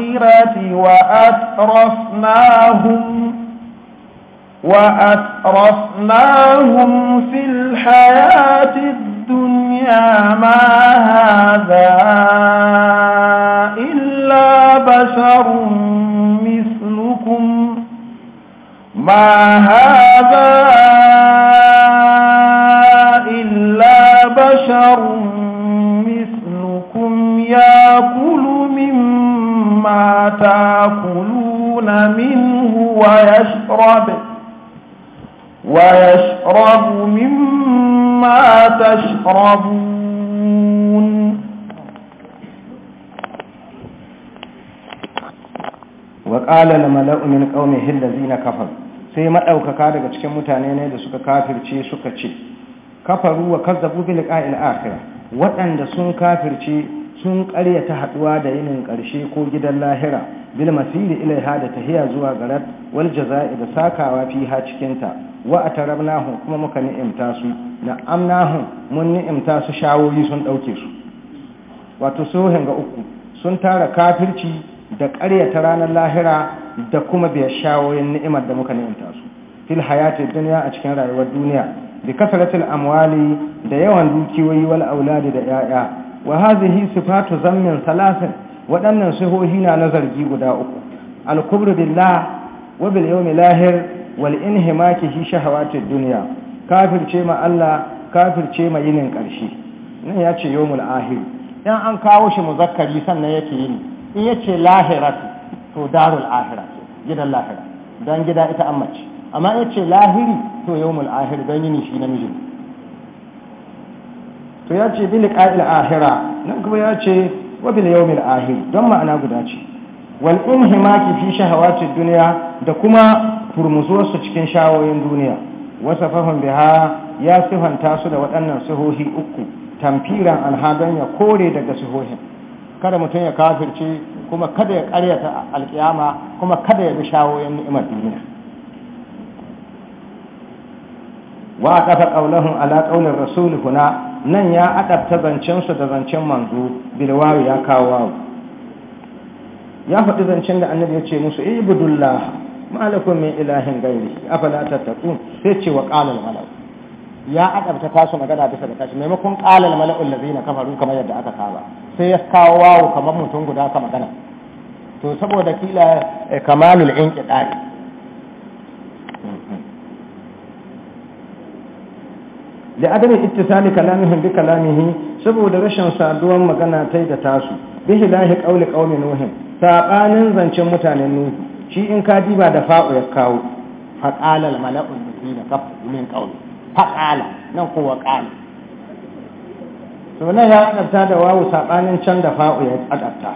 الآخرة وأترفناهم وأترفناهم في الحياة الدنيا ما هذا إلا بشر مثلكم ما هذا إلا بشر مثلكم يا يأكل ما تَأْكُلُونَ مِنْهُ وَيَشْرَبُ وَيَشْرَبُ مِمَّا تَشْرَبُونَ وَقَالَ الْمَلَأُ مِنْ قَوْمِهِ الَّذِينَ كَفَرُوا sai maɗaukaka daga cikin mutane ne da suka kafirce suka ce kafaru wa kazzabu bil qa'il akhirah waɗanda sun kafirce sun ta haɗuwa da yinin ƙarshe ko gidan lahira bil masiri ilaiha da tahiya zuwa garat wal jaza'i da sakawa fiha cikinta wa atarabnahum kuma muka ni'imta su na'amnahum mun ni'imta su shawoyi sun ɗauke su wato sohin ga uku sun tara kafirci da ta ranar lahira da kuma biyar shawoyin ni'imar da muka ni'imta su fil hayati duniya a cikin rayuwar duniya bi kasratil amwali da yawan dukiyoyi wal auladi da 'ya'ya wa hadhihi sifatu zammin salasin waɗannan sihohi na na zargi guda uku al-kubru billah wa bil yawmi lahir wal hi shahawatid dunya kafirce ma Allah kafirce ma yinin ƙarshe nan ya ce yawmul ahir dan an kawo shi muzakkari sannan yake yini in yace lahirat to darul ahira gidan lahira dan gida ita amma yace lahiri to yawmul ahir dan yini shi namiji to ya ce bil qa'il ahira nan kuma ya ce wa bil yawmil ahir don ma'ana guda ce wal inhimaki fi shahawati dunya da kuma furmuzuwar su cikin shawoyin duniya wasa fahim biha ya sifanta su da waɗannan sihohi uku tamfiran alhadan ya kore daga sihohin kada mutum ya kafirce kuma kada ya karyata alkiyama kuma kada ya bi shawoyin ni'imar duniya wa kafa qawluhum ala qawlir rasul huna nan ya adabta zancensa da zancen manzo bilwawi ya kawo wawu ya faɗi zancen da annabi ya ce musu budullah malakum min ilahin gairi afala tattaqun sai ce wa qala al ya adabta tasu magana bisa da tashi maimakon qala al mala'u allazina kafaru kamar yadda aka saba sai ya kawo wawu kamar mutum guda ka magana to saboda kila eh, kamalul inqida'i da adamin ittisali kalamihin bi kalamihi saboda rashin saduwan magana tai da tasu bi hilahi qawli qawmi nuh sabanin zancen mutanen nuh shi in ka diba da fa'u ya kawo faqala al mala'u da kaf min qawli faqala nan ko wa qala to nan ya adabta da wawu sabanin can da fa'u ya adabta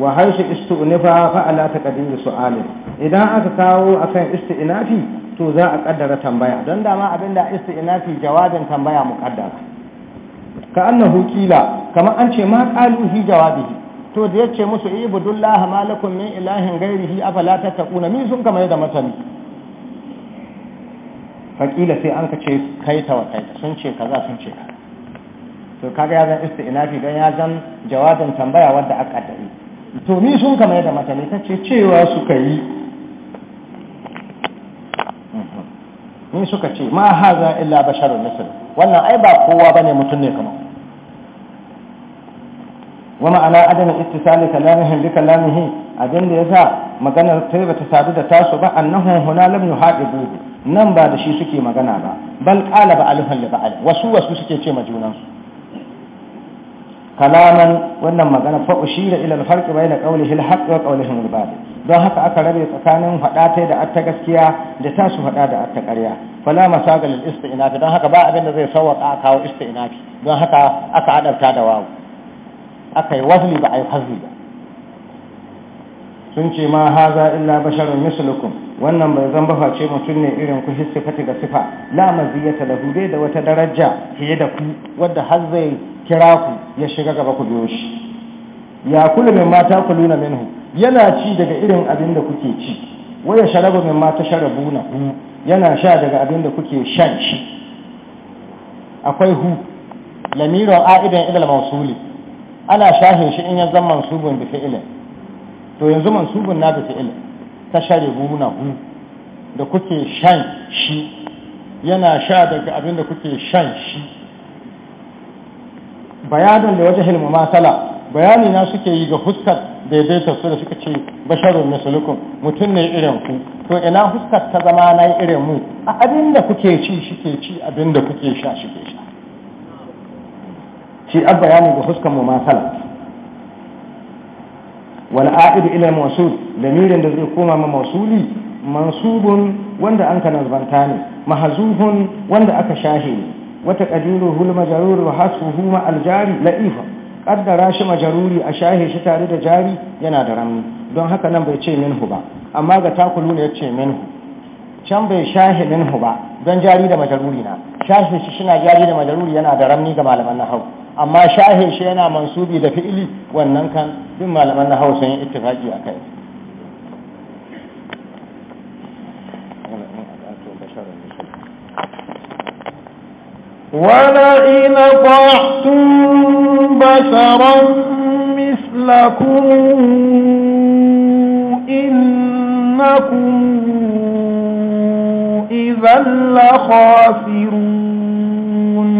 wa haishi istu'nifa fa'ala taqdim su'alin idan aka kawo akan isti'nafi to za a kaddara tambaya don dama abin da isti'nafi jawabin tambaya muqaddara ka annahu kila kamar an ce ma qalu hi jawabihi to da yace musu ibudullah malakum min ilahin ghairihi afala tattaquna min sun kamar da matani fakila sai an ka ce kai ta wata sun ce kaza sun ce kaza to kaga ya zan isti'nafi don ya zan jawabin tambaya wanda aka dai to ni sun kamar da matani tace cewa suka yi in suka ce ma haza illa basharu misal wannan ai ba kowa bane mutum ne kamar wa ma'ana adana ittisali kalamihin bi kalamihi abin da yasa maganar sai bata sadu da tasu ba annahu huna lam yuhadibu nan ba da shi suke magana ba bal qala ba alhan ba ba'al wasu wasu suke ce ma junansu kalaman wannan magana fa ushira ila al-farq bayna qawlihi al-haqq wa qawlihi al don haka aka rabe tsakanin fadatai da atta gaskiya da tasu fada da atta ƙarya fala masaga lil istinafi don haka ba abin da zai sawwaka a kawo istinafi don haka aka adabta da wawu aka yi wasli ba a yi fazli ba sun ce ma haza illa basharun mislukum wannan bai zan bafa ce mutum ne irin ku hissi fati da sifa la maziyata lahu bai da wata daraja fiye da ku wadda har zai kira ku ya shiga gaba ku biyo shi ya kulu min mata kuluna minhu yana ci daga irin abin da kuke ci waya sharabu min mata sharabuna hu yana sha daga abin da kuke shan shi akwai hu lamiran a'idan ilal mausuli ana shahin shi in ya zama mansubun bi fi'ilin to yanzu mansubun na da fi'il ta share guna hu da kuke shan shi yana sha daga abin da kuke shan shi bayanin da wajen hilmu masala bayani na suke yi ga huskar daidaita su da suka ce basharun misalukum mutum ne irin ku to ina huskar ta zama na irin mu a abin da kuke ci shi ke ci abin da kuke sha shi ke sha ci a bayani ga huskar mu wal a'id ila mawsul lamirin da zai koma ma mawsuli mansubun wanda an kana zubanta ne mahzufun wanda aka shahe ne wata qadiruhu al majrur wa hasbuhu ma al jari la'ifa qaddara shi majruri a shahe shi tare da jari yana da rami don haka nan bai ce minhu ba amma ga takulu ne ya ce minhu can bai shahidin hu ba don jari da majaruri na shahin shi shina jari da majaruri yana da ramni ga malaman na hau amma shahin shi yana mansubi da fi'ili wannan kan duk malaman na hau sun yi ittifaqi akai ولئن طعتم بشرا مثلكم إنكم إذا لخاسرون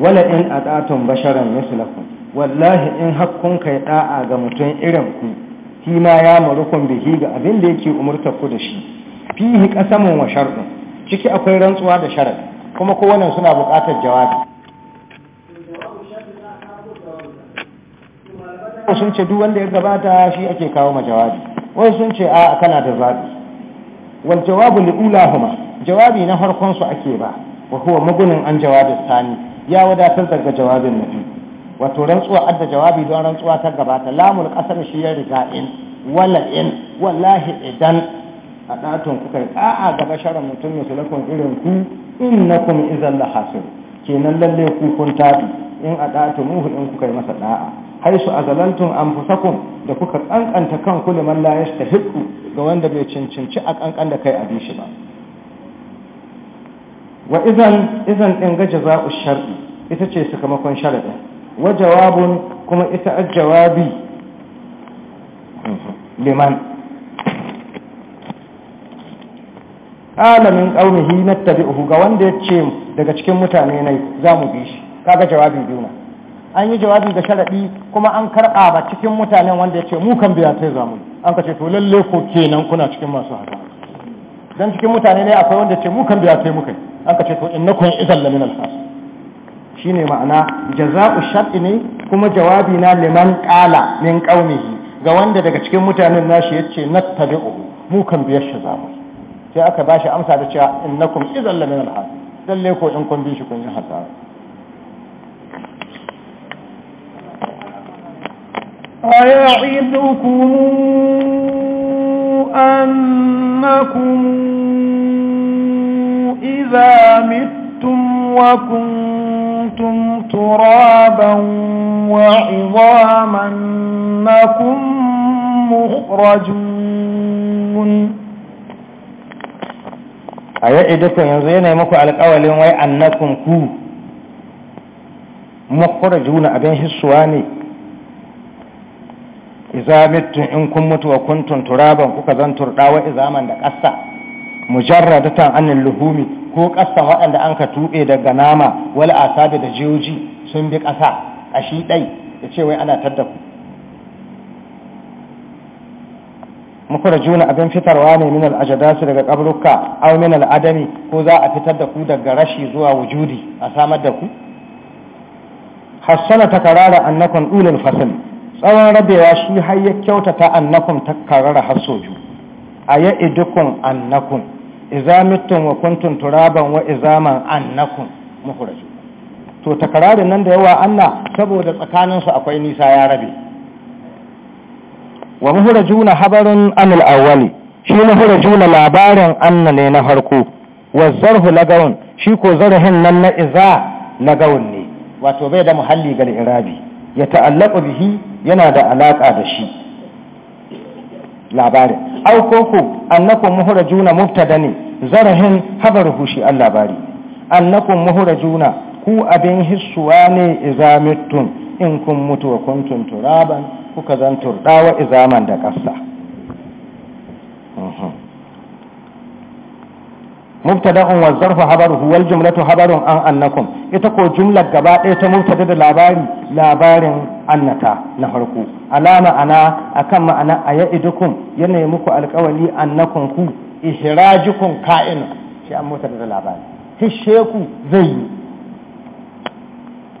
ولئن أدعتم بشرا مثلكم والله إن حقكم كيداء غمتين إرمكم فيما يامركم به أبن ليكي أمرتكم دشي فيه قسم وشرق ciki akwai rantsuwa da شرق kuma كوانا suna buƙatar jawabi sun ce duk wanda ya gabata shi ake kawo ma wai sun ce a kana da zaɓi wal jawabu li ulahuma jawabi na farkon su ake ba wa huwa magunin an jawabi sani ya wadatar daga jawabin biyu wato rantsuwa adda jawabi don rantsuwa ta gabata lamul qasam shi ya riga in wala in wallahi idan a ɗatun kuka a'a gaba basharar mutum lakon irin ku innakum izan la hasir kenan lalle ku kun tabi in a ɗata muhu in kuka yi masa ɗa'a haisu a zalantun an fusakun da kuka ƙanƙanta kan kuli liman la yasta hiɗu ga wanda bai cincinci a ƙanƙan da kai a bishi ba wa izan izan ɗin gaja za ku shar'i ita ce sakamakon sharaɗin wa jawabun kuma ita a jawabi liman alamin ƙaunihi na tabi'uhu ga wanda ya ce daga cikin mutane na za mu bi shi kaga jawabi biyu ne an yi jawabi da sharaɗi kuma an karɓa ba cikin mutanen wanda ya ce mu kan biya sai zamu an ka ce to lalle ko kenan kuna cikin masu haka dan cikin mutane ne akwai wanda ce mu kan biya sai muka an ka ce to innakum idan lamin al-khas shine ma'ana jaza'u shar'i ne kuma jawabi na liman qala min qaumihi ga wanda daga cikin mutanen nashi yace nattabi'u mu kan biyar shi zamu sai aka bashi amsa da cewa innakum idan lamin al-khas lalle ko in kun bi shi kun yi hasara أيعدكم أنكم إذا ميتم وكنتم ترابا وعظاما أنكم مخرجون أيعدكم ينزين يمكو على الأول أنكم كو مخرجون أبنه السواني idza in kun mutu wa kuntum turaban kuka zan turɗa wa izaman da ƙasa mujarradatan anil luhumi ko ƙasa waɗanda an ka tuɓe daga nama wal asabi da jiyoji sun bi ƙasa ƙashi ɗai da ce wai ana tadda ku muku da juna abin fitarwa ne minal ajadasu daga ƙabruka au minal adami ko za a fitar da ku daga rashi zuwa wujudi a samar da ku hassana ta karara annakon ulul fasil tsawon rabewa shi har ya kyautata annakun ta karara har soju a ya idukun annakun, izamittun wa kuntun turaban wa izaman annakun, mafuraju to takararin nan da yawa anna saboda tsakaninsu akwai nisa ya rabe wa na habarin anil awali shi na labarin anna ne na harko wa zarhu lagawun shi ko zarhin nan na iza lagawun ne wato bai da muhalli ga irabi ya ta'allaku bihi yana da alaƙa da shi labarin aukoku annakum juna, mubtada ne zarahin habaruhu shi an labari annakum juna, ku abin hissuwa ne izamittun in kun mutu kun kuntum turaban kuka zan turdawa izaman da ƙasa mhm. mubtada'un wa zarfu habaruhu wal jumlatu habarun an annakum ita ko jumlar gaba ɗaya ta mubtada da labari labarin annata na farko alama ana akan ma'ana aya'idukum yana muku alƙawali annakum ku ihrajukum ka'in shi an mubtada da labari hisheku zai yi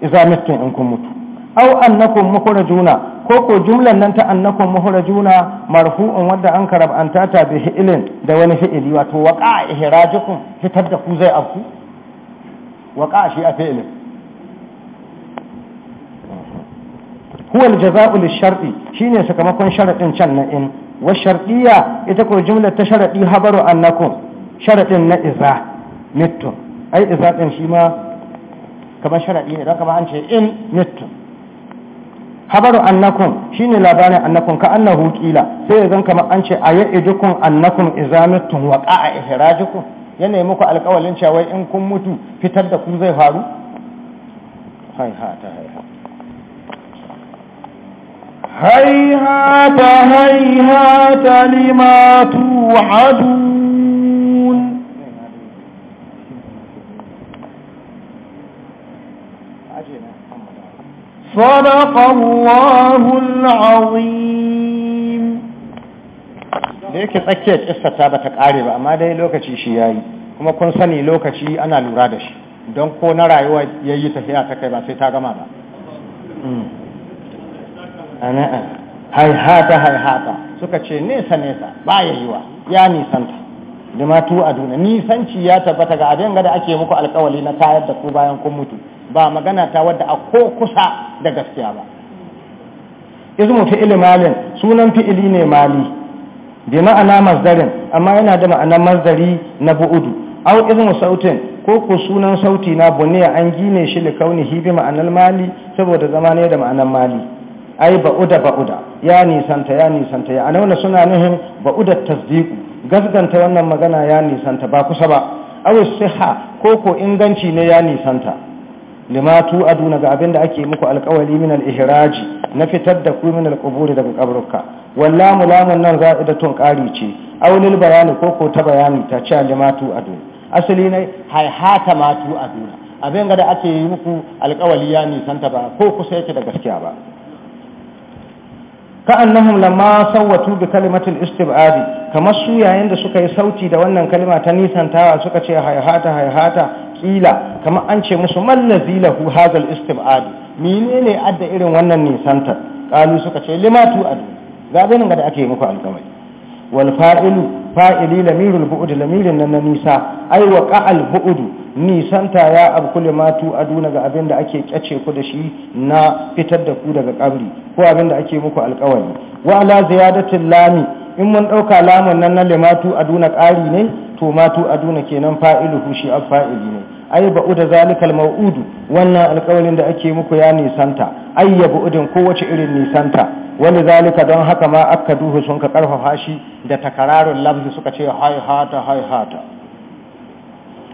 idza in kun mutu au annakum muhrajuna ko ko jumlan nan ta annakum muhrajuna marfu'un wadda an an ta bi fi'ilin da wani fi'ili wato waqa ihrajukum fitar da ku zai afku waqa shi a fi'ilin huwa al-jaza'u shine sakamakon sharadin can na in wa shar'iyya ita ko jumlar ta sharadi habaru annakum sharadin na iza mittum ai iza din shi ma kamar sharadi ne don kamar an ce in mittum habaru annakum shine labarin annakum ka annahu kila sai zan kamar an ce ayyajukum annakum izamatun wa qa'a ihrajukum yana muku alkawalin cewa in kun mutu fitar da ku zai faru hai ha ta hai ha hai ha ta hai ha ta lima tu'adu صدق الله العظيم da yake tsakiyar kissata ba ta kare ba amma dai lokaci shi yayi kuma kun sani lokaci ana lura da shi don ko na rayuwa با tafiya ta kai ba sai ta gama ba هاتا hmm. ah. haihata suka ce nesa nesa ba wa. ya nisanta da matu a duniya nisanci ya tabbata ga abin da ake muku alkawali na tayar da ku bayan kun mutu ba magana ta wadda a ko kusa da gaskiya ba izmu fi'il malin sunan fi'ili ne mali bi ma'ana mazdarin amma yana da ma'anar masdari na bu'udu aw izmu sautin ko ku sunan sauti na buniya an gine shi li kaunihi bi ma'anar mali saboda zama ne da ma'anar mali ai ba'uda ba'uda ya nisanta ya nisanta ya anauna suna nuhin ba'uda tasdiqu gasganta wannan magana ya nisanta ba kusa ba aw sihha ko ko inganci ne ya nisanta lima tu aduna ga abin da ake muku alkawari min al-ihraji na fitar da ku min al-quburi daga kaburka wallamu lamun nan za'idatun qari ce aulil bayani ko ko ta bayani ta ce lima tu aduna asali ne hata ma tu aduna abin da ake yi muku alkawali ya nisanta ba ko kusa yake da gaskiya ba ka'annahum lamma sawwatu bi kalimatil istibadi kamar su yayin da suka yi sauti da wannan kalima ta nisantawa suka ce hayhata hayhata kila kamar an ce musu mallazi lahu hazal istibadi menene adda irin wannan nisantar kalu suka ce limatu adu ga ga da ake muku alƙawari Walfa'ilu, fa'ili lamirul bu'ud lamirin nan na nisa ai wa qa'al bu'ud nisanta ya abkul matu aduna ga abin da ake kyace ku da shi na fitar da ku daga ƙabri, ko abin da ake muku alƙawari wa ala ziyadatil lami in mun ɗauka lamun nan na limatu aduna ƙari ne to matu aduna kenan fa'ilu shi al fa'ili ne ai ba'u da zalikal mau'udu wannan alƙawarin da ake muku ya nisanta ai ya bu'udin kowace irin nisanta wani zalika don haka ma aka duhu sun ka karfafa shi da takararun lafzi suka ce hai hata hai hata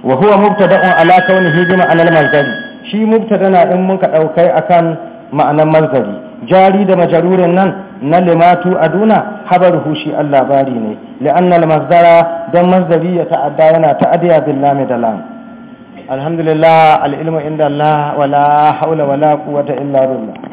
wa huwa mubtada'un ala kaunihi bi ma'anal mazari shi mubtada na din mun ka daukai akan ma'anan mazari jari da majarurin nan na limatu aduna habar hushi Allah bari ne li'anna al-masdara don mazari ya ta'adda yana ta'adiya billahi da lam alhamdulillah al'ilmu inda Allah wala haula wala quwwata illa billah